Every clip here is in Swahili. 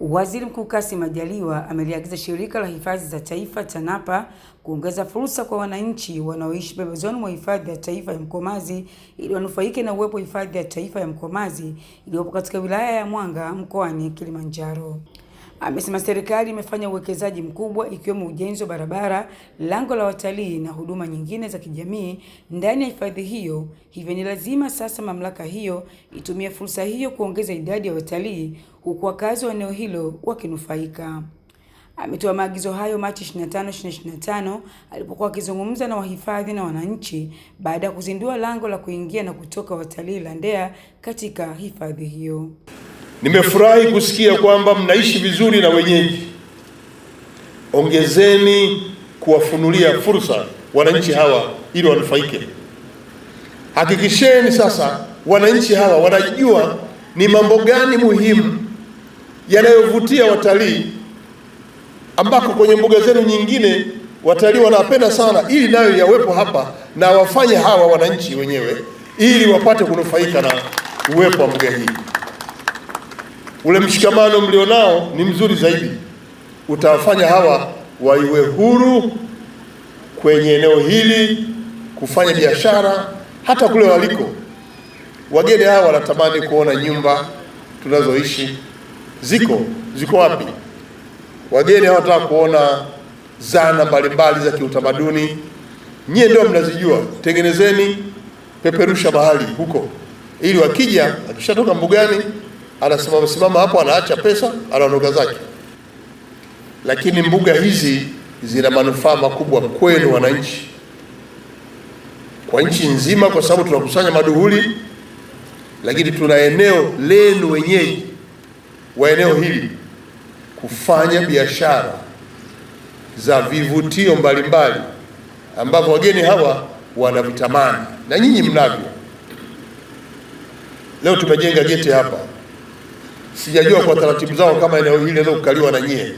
Waziri Mkuu Kassim Majaliwa ameliagiza Shirika la Hifadhi za Taifa TANAPA kuongeza fursa kwa wananchi wanaoishi pembezoni mwa Hifadhi ya Taifa ya Mkomazi ili wanufaike na uwepo wa Hifadhi ya Taifa ya Mkomazi iliyopo katika wilaya ya Mwanga mkoani Kilimanjaro. Amesema serikali imefanya uwekezaji mkubwa ikiwemo ujenzi wa barabara, lango la watalii na huduma nyingine za kijamii ndani ya hifadhi hiyo, hivyo ni lazima sasa mamlaka hiyo itumie fursa hiyo kuongeza idadi ya watalii, huku wakazi wa eneo hilo wakinufaika. Ametoa maagizo hayo Machi 25, 2025 alipokuwa akizungumza na wahifadhi na wananchi baada ya kuzindua lango la kuingia na kutoka watalii la Ndea katika hifadhi hiyo. Nimefurahi kusikia kwamba mnaishi vizuri na wenyeji. Ongezeni kuwafunulia fursa wananchi hawa ili wanufaike. Hakikisheni sasa wananchi hawa wanajua ni mambo gani muhimu yanayovutia watalii, ambako kwenye mbuga zenu nyingine watalii wanapenda sana, ili nayo yawepo hapa na wafanye hawa wananchi wenyewe, ili wapate kunufaika na uwepo wa mbuga hii ule mshikamano mlionao ni mzuri zaidi, utawafanya hawa waiwe huru kwenye eneo hili kufanya biashara. Hata kule waliko wageni hawa wanatamani kuona nyumba tunazoishi ziko ziko wapi. Wageni hawa wanataka kuona zana mbalimbali za kiutamaduni. Nyie ndio mnazijua, tengenezeni, peperusha mahali huko, ili wakija, akishatoka mbugani anasema simama hapo, anaacha pesa, anaondoka zake. Lakini mbuga hizi zina manufaa makubwa kwenu wananchi, kwa nchi nzima, kwa sababu tunakusanya maduhuli, lakini tuna eneo lenu wenyeji wa eneo hili kufanya biashara za vivutio mbalimbali ambavyo wageni hawa wanavitamani na nyinyi mnavyo. Leo tumejenga geti hapa Sijajua kwa taratibu zao kama eneo hili linaweza kukaliwa na nyie.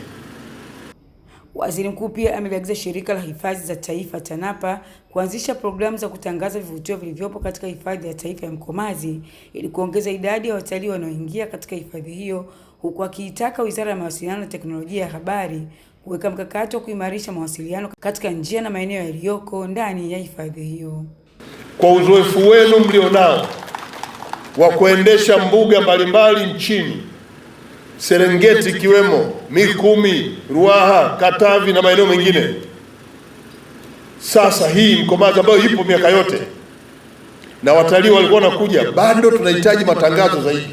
Waziri Mkuu pia ameliagiza Shirika la Hifadhi za Taifa TANAPA kuanzisha programu za kutangaza vivutio vilivyopo katika Hifadhi ya Taifa ya Mkomazi ili kuongeza idadi ya watalii wanaoingia katika hifadhi hiyo, huku akiitaka Wizara ya Mawasiliano na Teknolojia ya Habari kuweka mkakati wa kuimarisha mawasiliano katika njia na maeneo yaliyoko ndani ya hifadhi hiyo. Kwa uzoefu wenu mlionao wa kuendesha mbuga mbalimbali nchini Serengeti ikiwemo Mikumi, Ruaha, Katavi na maeneo mengine. Sasa hii Mkomazi ambayo ipo miaka yote na watalii walikuwa wanakuja, bado tunahitaji matangazo zaidi.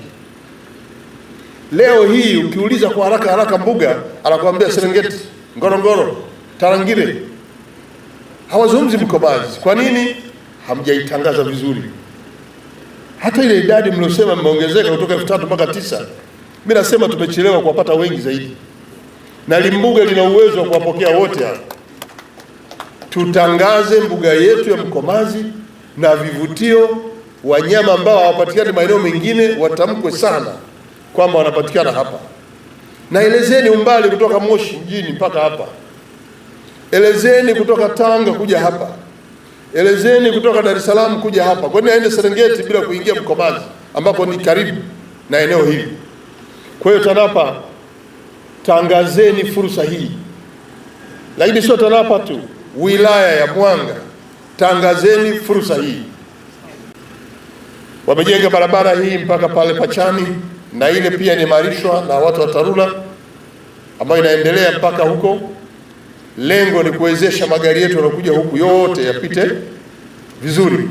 Leo hii ukiuliza kwa haraka haraka mbuga, anakuambia Serengeti, Ngorongoro, Tarangire, hawazungumzi Mkomazi. Kwa nini? Hamjaitangaza vizuri. Hata ile idadi mliosema imeongezeka kutoka elfu tatu mpaka tisa mimi nasema tumechelewa kuwapata wengi zaidi, na Limbuga lina uwezo wa kuwapokea wote hapa. Tutangaze mbuga yetu ya Mkomazi na vivutio, wanyama ambao hawapatikani maeneo mengine watamkwe sana kwamba wanapatikana hapa. Naelezeni umbali kutoka Moshi mjini mpaka hapa, elezeni kutoka Tanga kuja hapa, elezeni kutoka Dar es Salaam kuja hapa. Kwa nini aende Serengeti bila kuingia Mkomazi, ambapo ni karibu na eneo hili? Kwa hiyo TANAPA tangazeni fursa hii, lakini sio TANAPA tu, wilaya ya Mwanga tangazeni fursa hii. Wamejenga barabara hii mpaka pale Pachani na ile pia inaimarishwa na watu wa TARURA ambayo inaendelea mpaka huko. Lengo ni kuwezesha magari yetu yanokuja huku yote yapite vizuri,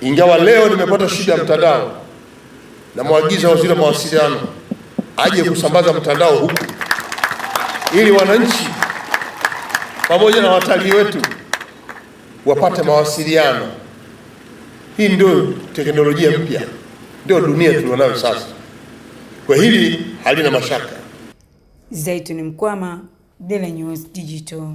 ingawa leo nimepata shida ya mtandao Namwagiza waziri wa mawasiliano aje kusambaza mtandao huku ili wananchi pamoja na watalii wetu wapate mawasiliano. Hii ndio teknolojia mpya, ndio dunia tulionayo sasa. Kwa hili halina mashaka. Zaituni Mkwama, Daily News Digital.